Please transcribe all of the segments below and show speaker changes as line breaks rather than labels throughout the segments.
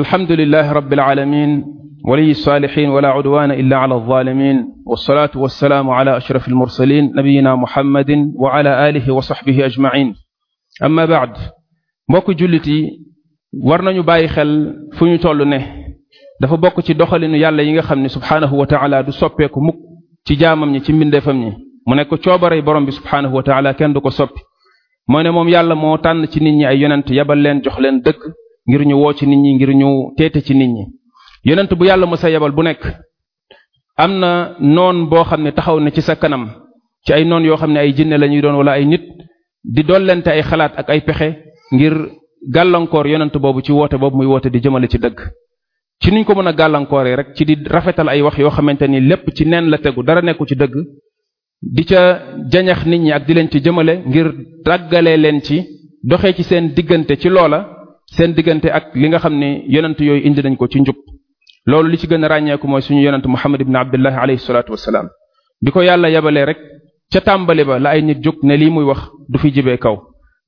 alhamdulilahi rabbil aalamiin waliyi saalihiin wala cudwaana illa ala alzaalimiin wassalaatu wassalaamu ala ashraf almursaliin nabiyina muhammadin wa ala aalihi wa saxbihi ajmaciin amma baad mbokk jullit yi war nañu bàyyi xel fu ñu toll ne dafa bokk ci doxalinu yàlla yi nga xam ne subhaanahu wa taala du soppeeku mukk ci jaamam ñi ci mbindeefam ñi mu nekk coobarey borom bi subhaanahu wa taala kenn du ko soppi mooy ne moom yàlla moo tànn ci nit ñi ay yonent yabal leen jox leen dëgg ngir ñu woo ci nit ñi ngir ñu teete ci nit ñi yonent bu yàlla mësa yebal bu nekk am na noon boo xam ne taxaw na ci sa kanam ci ay noon yoo xam ne ay jinne la ñuy doon wala ay nit di dollente ay xalaat ak ay pexe ngir gàllankoor yonent boobu ci woote boobu muy woote di jëmale ci dëgg ci niñ ko mën a gàllankooree rek ci di rafetal ay wax yoo xamante ni lépp ci neen la tegu dara nekku ci dëgg di ca jañax nit ñi ak di leen ci jëmale ngir tàggalee leen ci doxee ci seen diggante ci loola seen diggante ak li nga xam ne yonent yooyu indi nañ ko ci njub loolu li ci gën a ràññeeku mooy suñu yonent Muhammad ibn Abdullahi alayhi salaatu wasalaam bi ko yàlla yabalee rek ca tàmbali ba la ay nit jóg ne lii muy wax du fi jibee kaw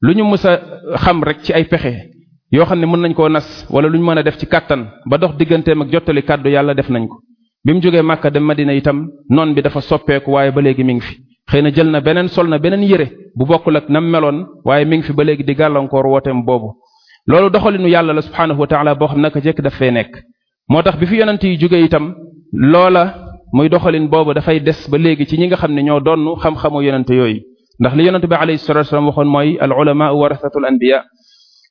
lu ñu mës a xam rek ci ay pexe yoo xam ne mën nañ koo nas wala lu ñu mën a def ci kàttan ba dox digganteem ak jottali kàddu yàlla def nañ ko bi mu jógee Màkka dem Madina itam noon bi dafa soppeeku waaye ba léegi mi ngi fi xëy na jël na beneen sol na beneen yére bu bokkul ak nam meloon waaye mi ngi fi ba léegi di gàllankoor wooteem boobu loolu doxalinu yàlla la subhaanahu wa taala boo xam naka jekk daf fee nekk moo tax bi fi yonent yi jóge itam loola muy doxalin boobu dafay des ba léegi ci ñi nga xam ne ñoo donn xam-xamu yonent yooyu ndax li yonent bi alayhi salatu wasalam waxoon mooy al ulama warasatul anbiya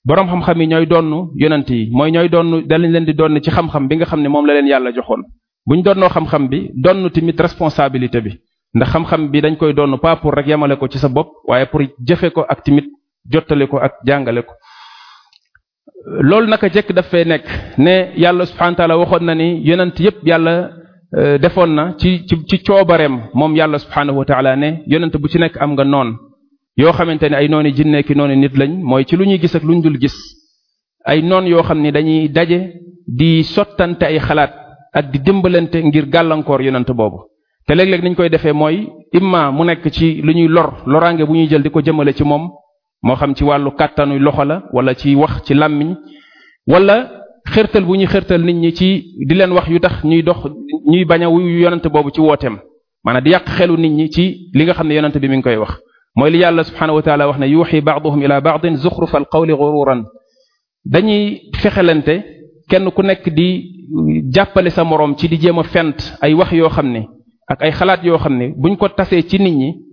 boroom xam-xam yi ñooy donn yonent yi mooy ñooy donn dalañ leen di donn ci xam-xam bi nga xam ne moom la leen yàlla joxoon bu buñ donnoo xam-xam bi donn tamit responsabilité bi ndax xam dañ koy donn pas rek yemale ko ci sa bopp waaye pour jëfe ko ak jottale ko ak jàngale ko loolu naka jekk daf fee nekk ne yàlla subhanahu waxoon na ni yonent yépp yàlla euh, defoon na ci ci ci coobareem moom yàlla subhanahu wa taala ne yonent bu ci nekk am nga noon yoo xamante ne ay nooni jinne ki nooni nit lañ mooy ci lu ñuy gis ak lu ñu dul gis ay noon yoo xam ni dañuy daje di sottante ay xalaat ak di dimbalante ngir gàllankoor yonent boobu te léeg-léeg niñ koy defee mooy imma mu nekk ci lu ñuy lor loraange bu ñuy jël di ko jëmale ci moom moo xam ci wàllu kàttanu loxo la wala ci wax ci làmmiñ wala xërtal bu ñuy xërtal nit ñi ci di leen wax yu tax ñuy dox ñuy bañ a wuyu yonent boobu ci wooteem maanaam di yàq xelu nit ñi ci li nga xam ne yonent bi mi ngi koy wax mooy li yàlla subhaanahu wa taala wax ne yuuxi baaduhum ila baadin zuxrufal qawli gururan dañuy fexelante kenn ku nekk di jàppale sa moroom ci di jéem a fent ay wax yoo xam ne ak ay xalaat yoo xam ne buñ ko tasee ci nit ñi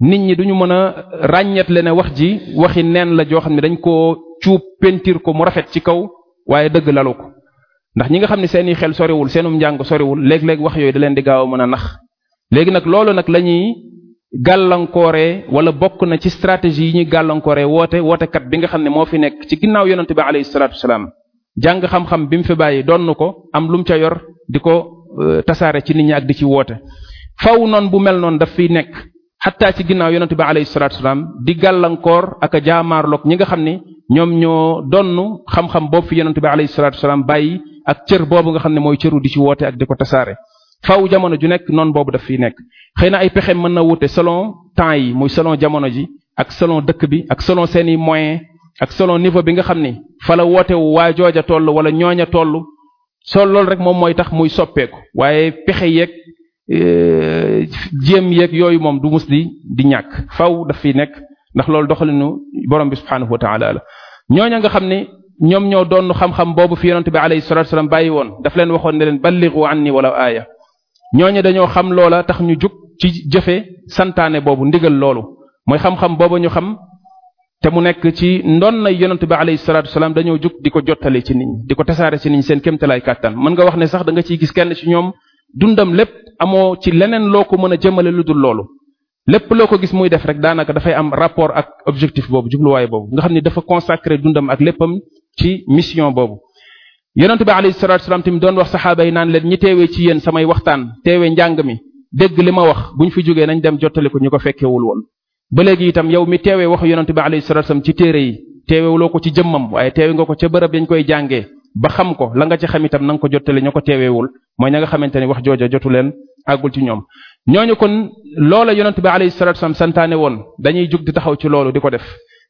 nit ñi duñu mën a ràññeetle ne wax ji waxi neen la joo xam ne dañ koo cuub pentiir ko mu rafet ci kaw waaye dëgg lalu ko ndax ñi nga xam ne seeni xel soriwul seenum njàng soriwul léeg-léeg wax yooyu da leen di gaaw a mën a nax léegi nag loolu nag la ñuy gàllankoore wala bokk na ci stratégie yi ñuy gàllankoore woote wootekat bi nga xam ne moo fi nekk ci ginnaaw yonent bi alayhi salaatu wasalaam jàng xam-xam bi mu fi bàyyi doon ko am lu mu ca yor di ko euh, tasaare ci nit ñi ak di ci woote xattaa ci ginnaaw yonente bi alayhi salaatu wasalaam di gàllankoor ak a jaamaarloog ñi nga xam ne ñoom ñoo donn xam-xam boobu fi yonente bi alayhi salaatu bàyyi ak cër boobu nga xam ne mooy cëru di ci woote ak di ko jamono ju nekk noonu boobu daf fiy nekk xëy na ay pexe mën na wute selon temps yi muy selon jamono ji ak selon dëkk bi ak selon seeni moyens ak selon niveau bi nga xam ni fa la wootewu waa jooja toll wala ñooña toll soo loolu rek moom mooy tax muy soppeeku waaye pexe yeeg Euh, jéem yéeg yooyu moom du mus di di ñàkk faw daf fiy nekk ndax loolu doxalinu borom bi subhaanahu wa taala la ñooña nga xam ne ñoom ñoo doon xam-xam boobu fi yonente bi alayhi salatu bàyyi woon daf leen waxoon ne leen balligu anni wala aaya ñooñu dañoo xam loola tax ñu jug ci jëfe santaane boobu ndigal loolu mooy xam-xam booba ñu xam te mu nekk ci ndoon na yonente bi alayhi salatu wasalam dañoo jug di ko jottale ci nit di ko tasaare ci nit ñi seen kémtalaay kàttan mën nga wax ne sax nga ciy gis kenn ci ñoom dundam lépp amoo ci leneen loo ko mën a jëmale lu dul loolu lépp loo ko gis muy def rek daanaka dafay am rapport ak objectif boobu jubluwaay boobu nga xam ni dafa consacré dundam ak léppam ci mission boobu yonentu bi alayhi salatu wasalam tamit doon wax saxaaba yi naan leen ñi teewee ci yéen samay waxtaan teewee njàng mi dégg li ma wax bu ñu fi jógee nañ dem jottali ko ñu ko fekkewul woon ba léegi itam yow mi teewee waxu yonentu bi alayhi salatu wasalam ci téere yi teewewuloo ko ci jëmmam waaye teewe nga ko ca bërëb koy jàngee ba xam ko la nga ci xam itam na nga ko jottali ña ko teewewul mooy ña nga xamante ne wax jooja jotu leen àggul ci ñoom ñooñu kon loola yonent bi alayhi salatu wasallam santaane woon dañuy jug di taxaw ci loolu di ko def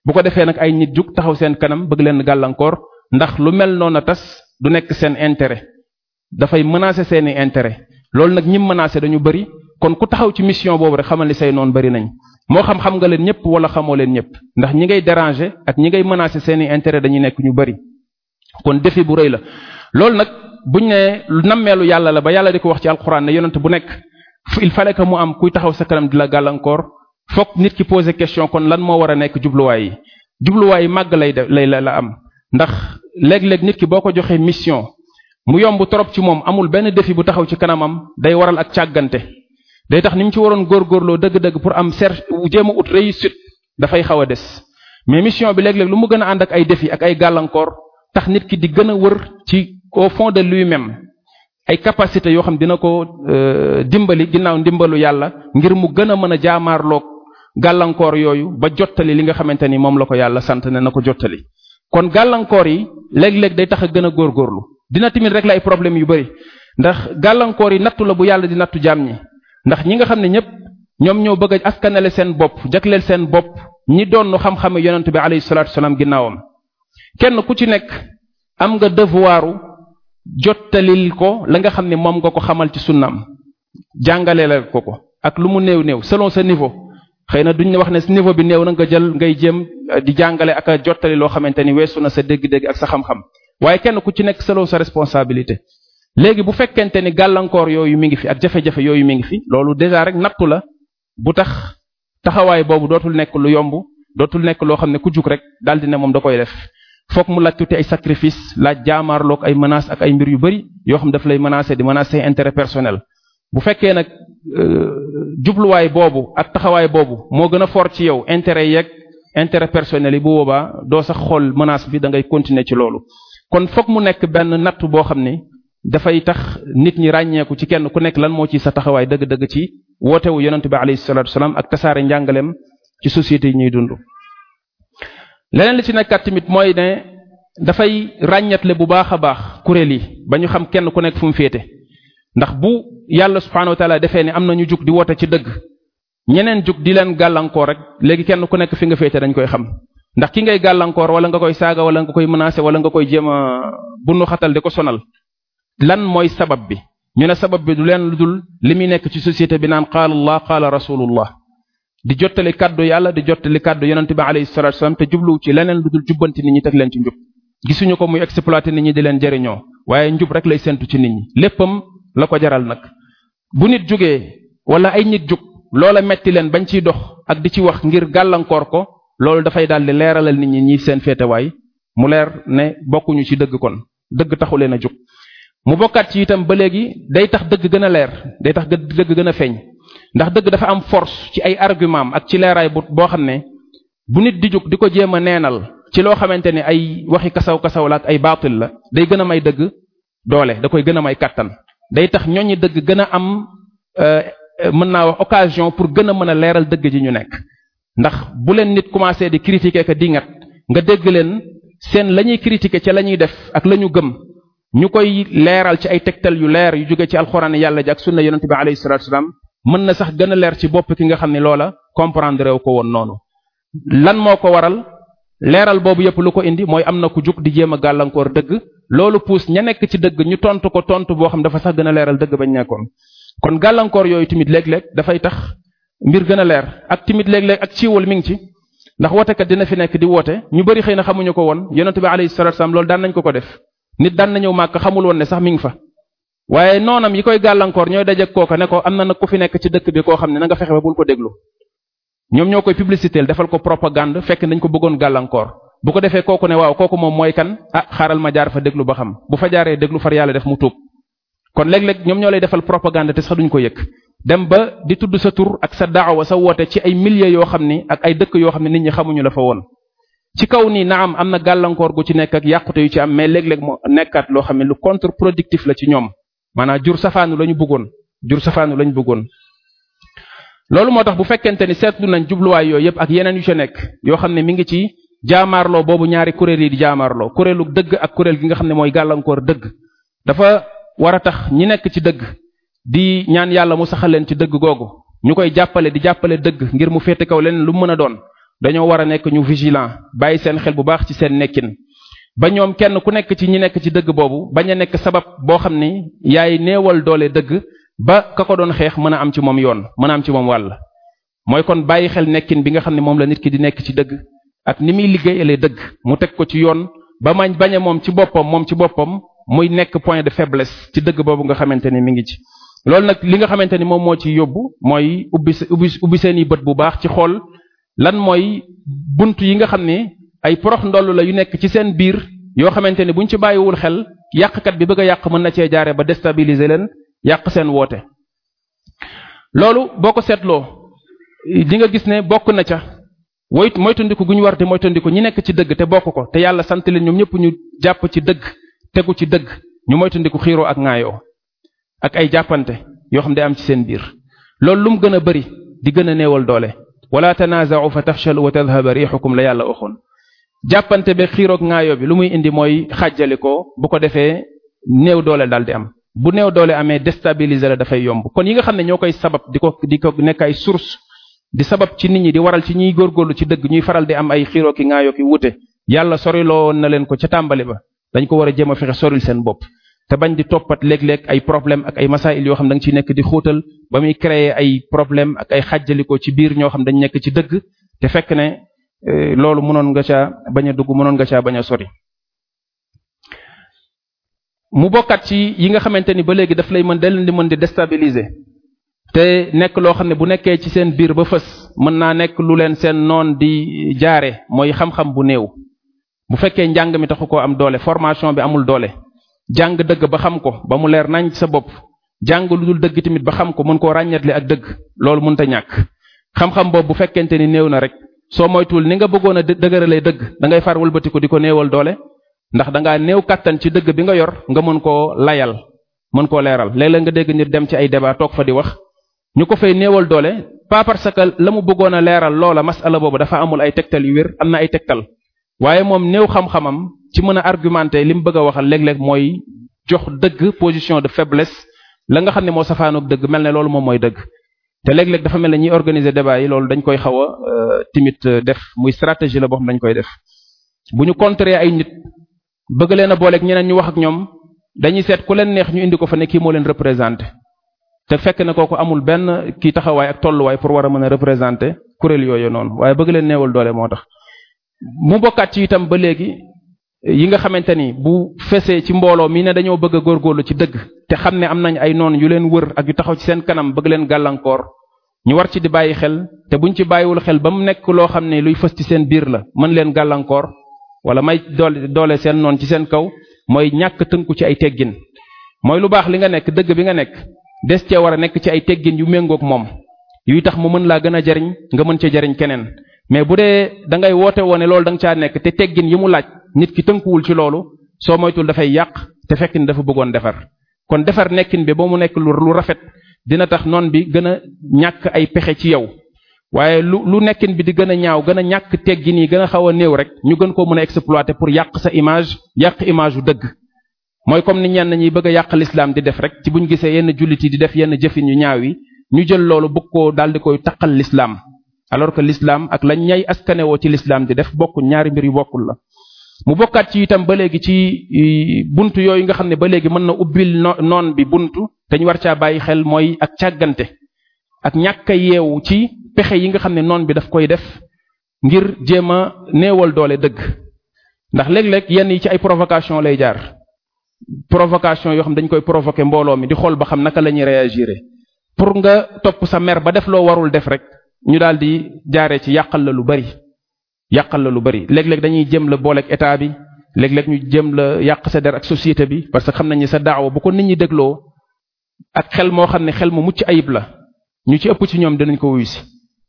bu ko defee nag ay nit jug taxaw seen kanam bëgg leen gàllankoor ndax lu mel noon noonu tas du nekk seen intérêt dafay menacer seeni intérêt loolu nag ñim menacer dañu bari kon ku taxaw ci mission boobu rek xamal ni say noon bari nañ moo xam xam nga leen ñëpp wala xamoo leen ñëpp ndax ñi ngay déranger ak ñi ngay menacer seeni intérêt dañuy nekk ñu bari kon défi bu rëy la loolu buñ ne nammeelu yàlla la ba yàlla di ko wax ci alquran ne yonent bu nekk il fallait que mu am kuy taxaw sa kanam di la gàllankoor fokk nit ki posé question kon lan moo war a nekk jubluwaay yi jubluwaay màgg lay lay la am ndax léeg-léeg nit ki boo ko joxee mission mu yomb trop ci moom amul benn defi bu taxaw ci kanamam day waral ak càggante day tax ni mu ci waroon góor góorloo dëgg-dëgg pour am cer jéem a ut réussite dafay xaw a des mais mission bi léeg-léeg lu mu gën a ànd ak ay défi ak gàllankoor qu'au fond de lui-même ay capacité yoo xam dina ko euh, dimbali ginnaaw ndimbalu yàlla ngir mu gën a mën a jaamaarloog gàllankoor yooyu ba jottali li nga xamante ni moom la ko yàlla sant ne na ko jottali kon gàllankoor yi léeg-léeg day tax a gën a góorgóorlu dina timit rek la ay problème yu bari ndax gàllankoor yi nattu la bu yàlla di nattu jaam ñi ndax ñi nga xam ne ñépp ñoom ñoo bëgg a askanale seen bopp jagleel seen bopp ñi doon xam-xame yonent bi alayhi salaatu wasalaam ginnaawam jottalil ko la nga xam ne moom nga ko xamal ci sunnaam jàngale la ko ko ak lu mu néew néew selon sa niveau xëy na duñ ne wax ne niveau bi néew na nga jël ngay jëm euh, di jàngale ak a jottali loo xamante ni weesu na sa dégg-dégg ak sa xam-xam waaye kenn ku ci nekk selon sa responsabilité léegi bu fekkente ni gàllankoor yooyu mi ngi fi ak jafe-jafe yooyu mi ngi fi loolu déjà rek nattu la bu tax taxawaay boobu dootul nekk lu yomb dootul nekk loo xam ne ku jug rek daldi ne moom da koy def foog mu laaj tuuti ay sacrifice laaj jaamaarloog ay menaces ak ay mbir yu bëri yoo xam daf lay menacer di menacer intérêt personnel bu fekkee nag euh, jubluwaay boobu ak taxawaay boobu moo gën a fort ci yow intérêt yeeg intérêt personnel yi bu boobaa doo sax xool menace bi da ngay continuer ci loolu kon foog mu nekk benn natt boo xam ni dafay tax nit ñi ràññeeku ci kenn ku nekk lan moo ciy sa taxawaay dëgg-dëgg ci wootewu yonent bi alayhi salaatu wasalaam ak tasaare njàngaleem ci société yi ñuy dund leneen li ci nekkaat tamit mooy ne dafay ràññeetle bu baax a baax kuréel yi ba ñu xam kenn ku nekk fu mu féete ndax bu yàlla subhaanahu wa taala defee ne am na ñu jug di woote ci dëgg ñeneen jug di leen gàllankoor rek léegi kenn ku nekk fi nga féete dañ koy xam ndax ki ngay gàllankoor wala nga koy saaga wala nga koy menacer wala nga koy jéem a bunu xatal di ko sonal lan mooy sabab bi ñu ne sabab bi du leen lu dul li muy nekk ci société bi naan qaala allah qaala rasulullah di jottali kàddu yàlla di jottali kàddu yonent bi alayhi salatu wasallam te jubluwu ci leneen lu dul jubbanti nit ñi teg leen ci njub gisuñu ko muy exploité nit ñi di leen jëriñoo waaye njub rek lay séntu ci nit ñi léppam la ko jaral nag bu nit jógee wala ay nit jug loola metti leen bañ ciy dox ak di ci wax ngir gàllankoor ko loolu dafay daal di leeralal nit ñi ñi seen féetewaay mu leer ne bokkuñu ci dëgg kon dëgg taxu leen a jug mu bokkaat ci itam ba léegi day tax dëgg gën a leer day tax dëgg gën a feeñ ndax dëgg dafa am force ci ay argument ak ci leeraay bu boo xam ne bu nit di jóg di ko jéem a neenal ci loo xamante ni ay waxi kasaw kasaw la ak ay baatil la day gën a may dëgg doole da koy gën a may kàttan day tax ñooñu dëgg gën a am euh, mën naa wax occasion pour gën a mën a leeral dëgg ji ñu nekk ndax bu leen nit commencé di critiquer ka dingat nga dégg leen seen la ñuy critiquer ca la ñuy def ak la ñu gëm ñu koy leeral ci ay tegtal yu leer yu jóge ci alxuraan yàlla ji ak sunna yonente bi alayhi salatu wasalam mën na sax gën a leer ci bopp ki nga xam ne loola comprendre wu ko woon noonu lan moo ko waral leeral boobu yépp lu ko indi mooy am na ku jug di jéem a gàllankoor dëgg loolu puus ña nekk ci dëgg ñu tontu ko tontu boo xam dafa sax gën a leeral dëgg bañ nekkoon kon gàllankoor yooyu tamit léeg-léeg dafay tax mbir gën a leer ak tamit léeg-léeg ak ciiwal mi ngi ci ndax wootekat dina fi nekk di woote ñu bari xëy na xamuñu ko woon yonente bi alayhi salatu wasallam loolu daan nañ ko ko def nit daan na ñëw màkk xamul ne sax mi ngi fa waaye noonam yi koy gàllankoor ñooy dajeg kooka ne ko am na nag ku fi nekk ci dëkk bi koo xam ne na nga fexe ba bul ko déglu ñoom ñoo koy publicité defal ko propagande fekk nañ ko bëggoon gàllankoor bu ko defee kooku ne waaw kooku moom mooy kan a ah, xaaral ma jaar fa déglu ba xam bu fa jaaree déglu far yàlla def mu tuub kon léeg-léeg ñoom ñoo lay defal propagande te sax duñ ko yëg dem ba di tudd sa tur ak sa daawa sa woote ci ay milliers yoo xam ni ak ay dëkk yoo xam ne nit ñi xamuñu la fa woon ci kaw nii naam am na gàllankoor gu ci nekk ak yàqute yu ci am mais léeg-léeg nekkaat loo xam ne lu contre productif la ci ñoom maanaam jur safaanu lañu bëggoon jur safaanu lañu bëggoon loolu moo tax bu fekkente ni seetlu nañ jubluwaay yooyu yépp ak yeneen yu ca nekk yoo xam ne mi ngi ci jaamaarloo boobu ñaari kuréel yi di jaamaarloo kuréelu dëgg ak kuréel gi nga xam ne mooy gàllankoor dëgg dafa war a tax ñi nekk ci dëgg di ñaan yàlla mu saxal leen ci dëgg googu ñu koy jàppale di jàppale dëgg ngir mu féete kaw leneen lu mën a doon dañoo war a nekk ñu vigilant bàyyi seen xel bu baax ci seen nekkin ba ñoom kenn ku nekk ci ñi nekk ci dëgg boobu bañ a nekk sabab boo xam ni yaay néewal doole dëgg ba ka ko doon xeex mën a am ci moom yoon mën a am ci moom wàll mooy kon bàyyi xel nekkin bi nga xam ne moom la nit ki di nekk ci dëgg ak ni muy liggéeyalee dëgg mu teg ko ci yoon ba mañ bañ a moom ci boppam moom ci boppam muy nekk point de faiblesse ci dëgg boobu nga xamante ni mu ngi ci loolu nag li nga xamante ni moom moo ci yóbbu mooy ubbi ubbi ubbi seen i bët bu baax ci xool lan mooy bunt yi nga xam ne ay porox ndollu la yu nekk ci seen biir yoo xamante ne buñ ci bàyyiwul xel yàqkat bi bëgg a yàq mën na cee jaare ba déstabiliser leen yàq seen woote loolu boo ko seetloo di nga gis ne bokk na ca moytu moytandiku gu ñu war di moytandiku ñi nekk ci dëgg te bokk ko te yàlla sant leen ñoom ñëpp ñu jàpp ci dëgg tegu ci dëgg ñu moytandiku xiiroo ak ŋaayoo ak ay jàppante yoo xam ne am ci seen biir loolu lu mu gën a bari di gën a néewal doole wala tanaaza'u fa tafshalu wa tadhhaba riixukum la yàlla waxoon jàppante be xiiroog ngaayo bi lu muy indi mooy xàjjali ko bu ko defee néew doole daal di am bu néew doole amee déstabiliser la dafay yomb kon yi nga xam ne ñoo koy sabab di ko di ko nekk ay source di sabab ci nit ñi di waral ci ñuy góorlu ci dëgg ñuy faral di am ay xiiroo ki ngaayo ki wute yàlla soriloo na leen ko ca tàmbali ba dañ ko war a jéem a fexe soril seen bopp te bañ di toppat léeg-léeg ay problème ak ay masail yoo xam da nga ciy nekk di xóotal ba muy ay problème ak ay xàjjalikoo ci biir ñoo xam dañ nekk ci dëgg Eh, loolu mënoon nga caa bañ a dugg mënoon nga caa bañ a sori mu bokkat ci yi nga xamante ni ba léegi daf lay mën da leen di mën di déstabiliser te nekk loo xam ne bu nekkee ci seen biir ba fës mën naa nekk lu leen seen noon di jaare mooy xam-xam bu néew bu fekkee njàng mi taxu ko am doole formation bi amul doole jàng dëgg ba xam ko ba mu leer nañ sa bopp jàng lu dul dëgg tamit ba xam ko mën koo ràññatle ak dëgg loolu mën mënta ñàkk xam-xam boobu bu fekkente ni néew na rek soo moytuwul ni nga bëggoon a dëgëralee dëgg dangay ngay far wëlbatiku di ko néewal doole ndax dangaa ngaa néew kàttan ci dëgg bi nga yor nga mën koo layal mën koo leeral léeg-léeg nga dégg nit dem ci ay débat toog fa di wax ñu ko fay néewal doole pas parce la mu bëggoon a leeral loola masala boobu dafa amul ay tegtal yu wér am na ay tegtal waaye moom néew xam-xamam ci mën a argumenter li mu bëgg a waxal léeg-léeg mooy jox dëgg position de faiblesse la nga xam ne moo safaanoog dëgg mel ne loolu moom mooy dëgg te léeg-léeg dafa mel ne ñiy organiser débat loolu dañ koy xaw a euh, timit def muy stratégie la boo xam dañ koy def bu ñu contrer ay nit bëgg leen a booleeg ñeneen ñu wax ak ñoom dañuy seet ku leen neex ñu indi ko fa ne kii moo leen représenté te fekk na kooku amul benn kii taxawaay ak tolluwaay pour war a mën a représenté kuréel yooyu noonu waaye bëgg leen neewal doole moo tax mu mbokkaat ci itam ba léegi yi nga xamante ni bu fesee ci mbooloo mi ne dañoo bëgg a góorgóorlu ci dëgg te xam ne am nañu ay noon yu leen wër ak yu taxaw ci seen kanam bëgg leen gàllankoor ñu war ci di bàyyi xel te bu ñu ci bàyyiwul xel ba mu nekk loo xam ne luy fës ci seen biir la mën leen gàllankoor wala may doole doole seen noon ci seen kaw mooy ñàkk tënku ci ay teggin mooy lu baax li nga nekk dëgg bi nga nekk des cee war a nekk ci ay teggin yu méngoog moom yuy tax mu mën laa gën a jariñ nga mën cee jariñ keneen mais bu dee da ngay woote ne loolu da nga caa nekk te teggin yi mu laaj nit ki tënkuwul ci loolu soo moytul dafay yàq te fekk ni dafa bëggoon defar kon defar nekkin bi ba mu nekk lu rafet dina tax noon bi gën a ñàkk ay pexe ci yow waaye lu lu nekkin bi di gën a ñaaw gën a ñàkk teggi nii gën a xaw a néew rek ñu gën koo mën a exploiter pour yàq sa image yàq image yu dëgg mooy comme ni ñenn ñi bëgg a yàq lislaam di def rek ci buñ gisee yenn jullit yi di def yenn jëfin yu ñaaw yi ñu jël loolu bëgg koo daal di koy taqal lislaam alors que lislaam ak lañ ñay askanewoo ci lislaam di def bokk ñaari mbir yu bokkul la mu bokkaat ci itam ba léegi ci bunt yooyu nga xam ne ba léegi mën na ubbil noon bi buntu te ñu war caa bàyyi xel mooy ak càggante ak ñàkk a ci pexe yi nga xam ne noon bi daf koy def ngir jéem a neewal doole dëgg ndax léeg-léeg yenn yi ci ay provocation lay jaar provocation yoo xam dañ koy provoquer mbooloo mi di xool ba xam naka la ñuy réagir pour nga topp sa mer ba def loo warul def rek ñu daal di jaaree ci yàqal la lu bari yàqal la lu bari léeg-léeg dañuy jëm la booleeg état bi léeg-léeg ñu jëm la yàq sa der ak société bi parce que xam nañu sa daawa bu ko nit ñi dégloo ak xel moo xam ne xel mu mucc ayib la ñu ci ëpp ci ñoom dinañ ko wuyu si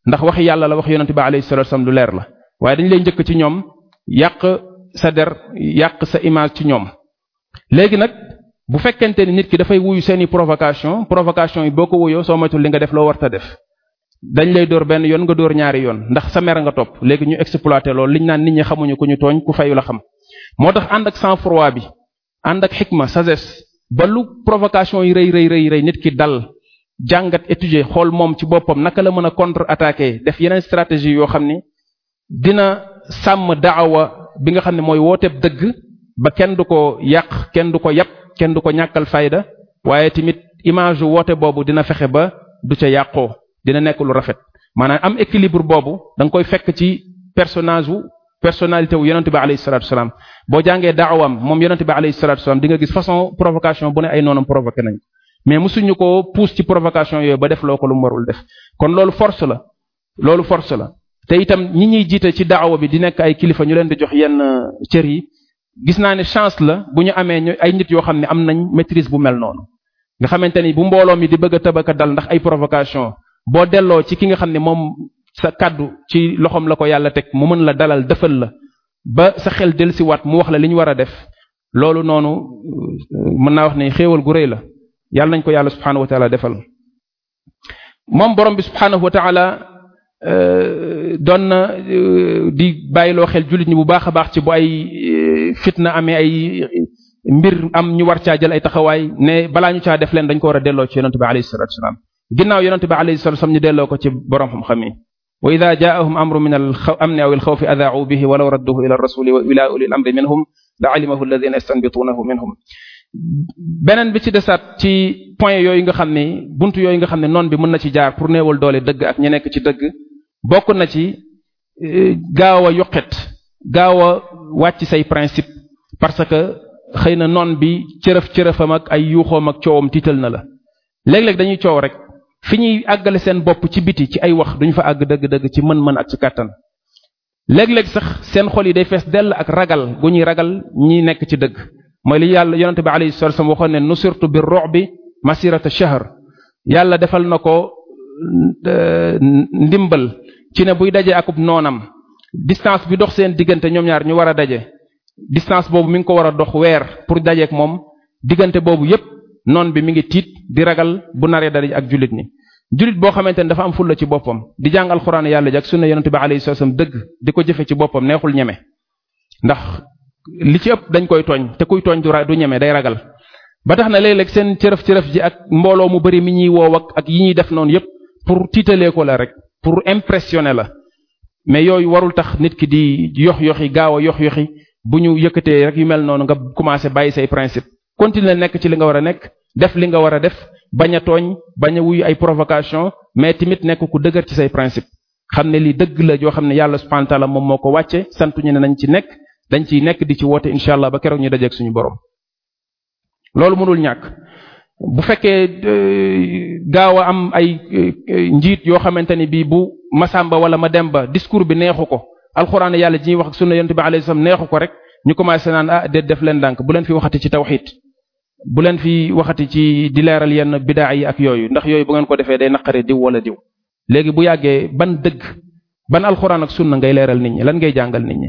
ndax waxi yàlla la wax yonente ba alayhi salatu wasallam lu leer la waaye dañu lay jëkk ci ñoom yàq sa der yàq sa image ci ñoom léegi nag bu fekkente ni nit ki dafay wuyu seeni provocation provocation yi boo ko wuyoo soo moytul li nga def loo warta def dañ lay dóor benn yoon nga dóor ñaari yoon ndax sa mer nga topp léegi ñu exploité lool liñ naan nit ñi xamuñu ku ñu tooñ ku fayu la xam moo tax ànd ak sang-froid bi ànd ak xikma sagesse ba lu provocation yi rëy rëy rëy rëy nit ki dal jàngat étudier xool moom ci boppam naka la mën a contre attaquer def yeneen stratégie yoo xam ni dina sàmm daawa bi nga xam ne mooy woote dëgg ba kenn du ko yàq kenn du ko yàpp kenn du ko ñàkkal fayda waaye tamit image woote boobu dina fexe ba du ca yàqoo dina nekk lu rafet maanaam am équilibre boobu danga koy fekk ci personnage wu personnalité wu yonente bi alayhi salatu wasalaam boo jàngee daawam moom yonente bi alayhi salatu wasalaam di nga gis façon provocation bu ne ay noonam provoqué nañ mais mosuñu ko pousse ci provocation yooyu ba def loo ko lu marul def kon loolu force la loolu force la te itam ñi ñuy jiite ci daawa bi di nekk ay kilifa ñu leen di jox yenn euh, cër yi gis naa ne chance la bu ñu amee ñu ay nit yoo xam ne am nañ maitrise bu mel noonu nga xamante ni bu mbooloo mi di bëgg a tabaka dal ndax ay boo delloo ci ki nga xam ne moom sa kàddu ci loxoom la ko yàlla teg mu mën la dalal defal la ba sa xel delsiwaat mu wax la li ñu war a def loolu noonu euh, mën naa wax ne xéewal gu rëy la yàlla nañ ko yàlla subhaanahu wa taala defal moom borom bi subhaanahu wa taala euh, doon na euh, di bàyyiloo xel jullit ñi bu baax a baax ci bu ay fitna amee ay mbir am ñu war caa jël ay taxawaay ne balaa ñu caa def leen dañ ko war a delloo ci yonente bi alayhi salatu wasalaam ginnaaw yonente bi alayhi salatu wasallam ñu delloo ko ci borom xam-xam yi wa ida jaahum amru min al amni aw al xawfi adaau bihi walaw radduhu ila rasuli wa ila ulil amri minhum la alimahu alladina yastanbituunahu minhum beneen bi ci desaat ci point yooyu nga xam ni buntu yooyu nga xam ne noon bi mën na ci jaar pour néewal doole dëgg ak ñi nekk ci dëgg bokk na ci e, gaaw a yuqet gaaw a wàcc say principe parce que xëy na noon bi cërëf cërëfam ak ay yuuxoom ak coowam tiital na la léeg-léeg dañuy coow rek fi ñuy àggale seen bopp ci biti ci ay wax duñu fa àgg dëgg-dëgg ci mën-mën ak ci kàttan léeg-léeg sax seen xol yi day fees dell ak ragal gu ñuy ragal ñi nekk ci dëgg mooy li yàlla yonente bi alayhi salatu wasallam waxoon ne nu nusirtu bi ru'bi masirata shahr yàlla defal na ko euh, ndimbal ci ne buy daje akub noonam distance bi dox seen diggante ñoom ñaar ñu war a daje distance boobu mi ngi ko war a dox weer pour dajeek moom diggante boobu yépp noon bi mi ngi tiit di ragal bu naree dara ak jullit ni jullit boo xamante ne dafa am fulla ci boppam di jàng alxuraan yàlla ji ak sunna yonente bi alayhi salaam dëgg di ko jëfe ci boppam neexul ñeme ndax li ci ëpp dañ koy tooñ te kuy tooñ du ra ñeme day ragal ba tax na léeg-léeg seen cërëf cërëf ji ak mbooloo mu bari mi ñuy woow ak ak yi ñuy def noonu yépp pour tiitalee ko la rek pour impressionner la mais yooyu warul tax nit ki di yox yoxi gaaw a yox yoxi bu ñu yëkkatee rek yu mel noonu nga commencé bàyyi say principe continuer nekk ci li nga war a nekk def li nga war a def bañ a tooñ bañ a ay provocation mais tamit nekk ku dëgër ci say principe xam ne lii dëgg la yoo xam ne yàlla subhanahu wa ta'ala moom moo ko wàcce ñu ne nañ ci nekk dañ ciy nekk di ci woote incha allah ba keroog ñu dajeeg suñu borom loolu mënul ñàkk bu fekkee euh, gaaw a am ay euh, njiit yoo xamante ni bii bu Masamba wala Mademba discours bi neexu ko alxuraan yàlla ji wax ak sunna yonent bi alayhi neexu ko rek ñu commencé naan ah déet def leen dànk bu leen fi waxati ci tawxiid bu leen fi waxati ci di leeral yenn bidaa yi ak yooyu ndax yooyu bu ngeen ko defee day naqare diw wala diw léegi bu yàggee ban dëgg ban alxuraan ak sunna ngay leeral nit ñi lan ngay jàngal nit ñi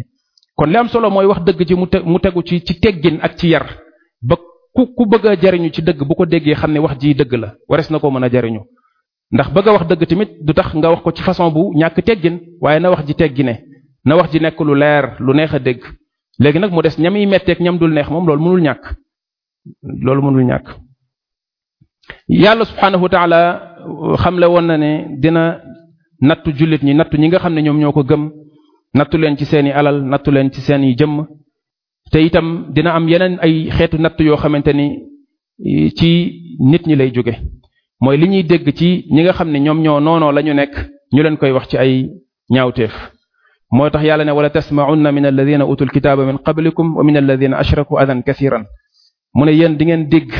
kon li am solo mooy wax dëgg ci mu te mu tegu ci ci teggin ak ci yar ba ku ku bëgg a jariñu ci dëgg bu ko déggee xam ne wax ji dëgg la wares na ko mën a jariñu ndax bëgg wax dëgg tamit du tax nga wax ko ci façon bu ñàkk teggin waaye na wax ji teggine na wax ji nekk lu leer lu neex a dégg léegi nag mu des ñam yi metteeg ñam dul neex moom loolu mënul ñàkk loolu mënul ñàkk yàlla subhaanahu wa taala xamle woon na ne dina nattu jullit ñi nattu ñi nga xam ne ñoom ñoo ko gëm nattu leen ci seeni alal nattu leen ci seeni jëmm te yitam dina am yeneen ay xeetu natt yoo xamante ni ci nit ñi lay jóge mooy li ñuy dégg ci ñi nga xam ne ñoom ñoo noonoo la ñu nekk ñu leen koy wax ci ay ñaawteef moo tax yàlla ne wala tasmaunna min alladina utul kitaaba min qablikum wa min alladina ashraku adan kasiran mu ne yéen di ngeen dégg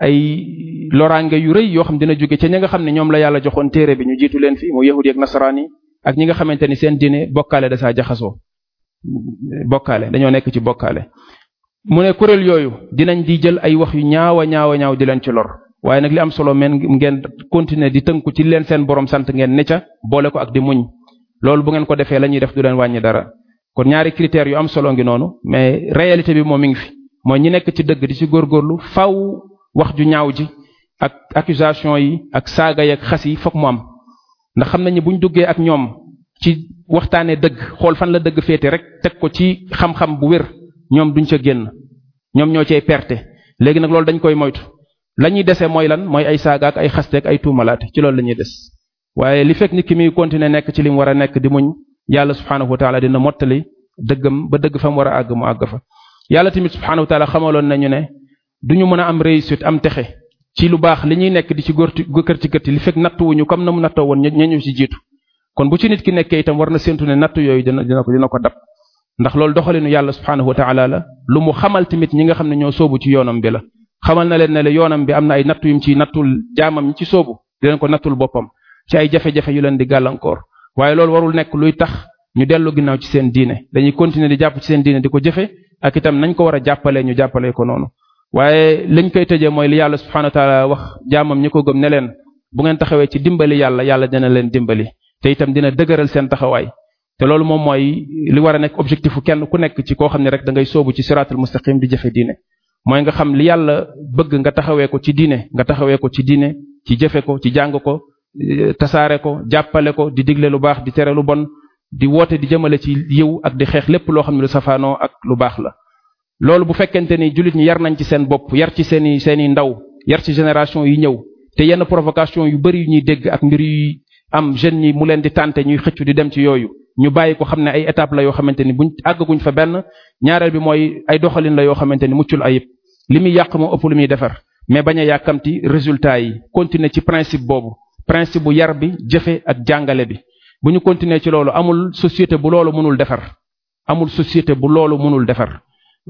ay loraange yu rëy yoo xam dina jóge ca ña nga xam ne ñoom la yàlla joxoon téere bi ñu jiitu leen fi mu yahudi ak nasaraan yi ak ñi nga xamante ni seen diine bokkaale da saa jaxasoo bokkaale dañoo nekk ci bokkaale mu ne kuréel yooyu dinañ di jël ay wax yu ñaawa ñaawa ñaaw di leen ci lor waaye nag li am solo men ngeen continuer di tënku ci leen seen borom sant ngeen ne ca boole ko ak di muñ loolu bu ngeen ko defee la ñuy def du leen wàññi dara kon ñaari critères yu am solo ngi noonu moom mi ngi fi mooy ñi nekk ci dëgg di ci góorgóorlu faw wax ju ñaaw ji ak accusation yi ak saaga yi ak xas yi fokk mu am ndax xam nañu bu ñu duggee ak ñoom ci waxtaanee dëgg xool fan la dëgg féete rek teg ko ci xam-xam bu wér ñoom duñ ca génn ñoom ñoo cay perte léegi nag loolu dañ koy moytu la ñuy dese mooy lan mooy ay saaga ak ay xasteeg ay tuumalaate ci loolu la ñuy des waaye li fekk nit ki muy continuer nekk ci li mu war a nekk di muñ yàlla subhaanahu wa taala dina mottali dëggam ba dëgg fa mu war àgg mu àgg fa yàlla tamit subxanahu wa taala xamaloon nañu ne du ñu mën a am réussite am texe ci lu baax li ñuy nekk di ci góor kër ci kër li fekk nattuwuñu comme na mu nattoo woon ña ñu ci jiitu kon bu ci nit ki nekkee tam war na séntu ne nattu yooyu dina dina ko dina ko dab ndax loolu doxalinu yàlla subxanahu wa taala la lu mu xamal tamit ñi nga xam ne ñoo soobu ci yoonam bi la. xamal na leen ne la yoonam bi am na ay nattu yum ci nattul jaamam ci soobu di ko nattul boppam ci ay jafe-jafe leen di gàllankoor ñu dellu ginnaaw ci seen diine dañuy continuer di jàpp ci seen diine di ko jëfe ak itam nañ ko war a jàppalee ñu jàppalee ko noonu waaye liñ koy tëjee mooy li yàlla subhanahu wa taala wax jaamam ñi ko gëm ne leen bu ngeen taxawee ci dimbali yàlla yàlla dina leen dimbali te itam dina dëgëral seen taxawaay te loolu moom mooy li war a nekk objectif kenn ku nekk ci koo xam ne rek dangay soobu ci siraatul mustaqim di jëfe diine mooy nga xam li yàlla bëgg nga taxawee ko ci diine nga taxawee ko ci diine ci jëfe ko ci jàng ko tasaare ko jàppale ko di digle lu baax di tere bon di woote di jëmale ci yiw ak di xeex lépp loo xam ne lu safaanoo ak lu baax la loolu bu fekkente ni jullit ñi yar nañ ci seen bopp yar ci seeni seeni ndaw yar ci génération yi ñëw te yenn provocation yu bari yu ñuy dégg ak mbir yu am jeunes yi mu leen di tànte ñuy xëccu di dem ci yooyu ñu bàyyi ko xam ne ay étape la yoo xamante ni buñ àggaguñ fa benn ñaareel bi mooy ay doxalin la yoo xamante ni muccul ayib li muy yàq moo ëpp lu muy defar mais bañ a yàkkamti résultat yi continuer ci principe boobu principe bu yar bi jëfe ak jàngale bi bu ñu continuer ci loolu amul société bu loolu mënul defar amul société bu loolu mënul defar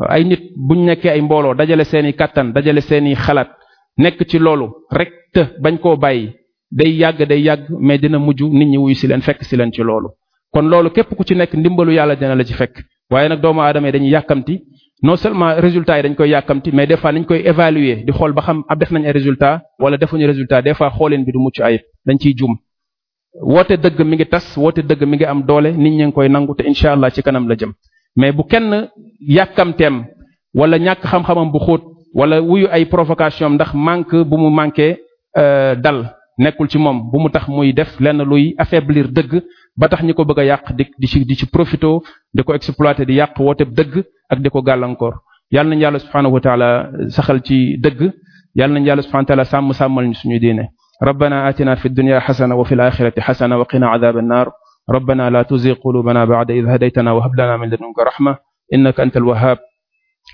ay nit bu ñu nekkee ay mbooloo dajale seeni kàttan dajale seeni xalaat nekk ci loolu rek te bañ koo bàyyi day yàgg day yàgg mais dina mujj nit ñi wuyu si leen fekk si leen ci loolu kon loolu képp ku ci nekk ndimbalu yàlla dina la ci fekk waaye nag doomu aadama yi dañuy yàkkamti non seulement résultat yi dañ koy yàkkamti mais des fois nañ koy évaluer di xool ba xam ab def nañ ay wala defuñu résultat des fois xooleen bi du mucc ayib dañ ciy jum woote dëgg mi ngi tas woote dëgg mi ngi am doole nit ñi ngi koy nangu te incha allah ci kanam la jëm mais bu kenn yàkkamteem wala ñàkk xam-xamam bu xóot wala wuyu ay provocation ndax manque bu mu manqué euh, dal nekkul ci moom bu mu tax muy def lenn luy affaiblir dëgg ba tax ñi ko bëgg a yàq di di ci di ci profito di ko exploiter di yàq woote dëgg ak di ko gàllankoor yàlla nañu yàlla subhaanahu wa saxal ci dëgg yàlla nañu yàlla subhaanahu wa sàmm sàmmal ñu suñu rabbana atina fi dunya xasana wa fi alaxirati xasana wa qina adab annar rabbana la tuzig qulubana bacda id hadaytana wa hab lana min ladunka raxma innaka anta alwahhab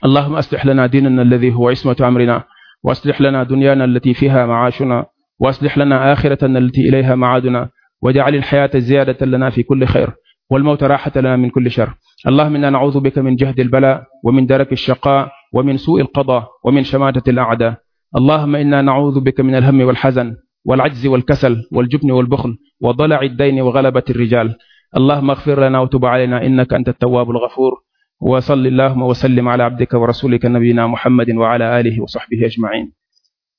allahuma aslix lana diinana alladi huwa ismatu amrina wa aslix lana dunyana allati fiha macaashuna wa aslix lana axiratana allati ilayha macaaduna wajcal alxayaata ziyaadatan lana fi kulli xayr walmawta raaxatan lana min kulli shar allahuma inna nacuudu bika min jahdi albala wa min daraki alshaqaa wa min suu'i alqada wa min shamaatati alacdaa allahuma inna nacuudu bika min alhammi walxazan والعجز والكسل والجبن والبخل وضلع الدين وغلبة الرجال اللهم اغفر لنا وتب علينا إنك أنت التواب الغفور وصل اللهم وسلم على عبدك ورسولك نبينا محمد وعلى آله وصحبه أجمعين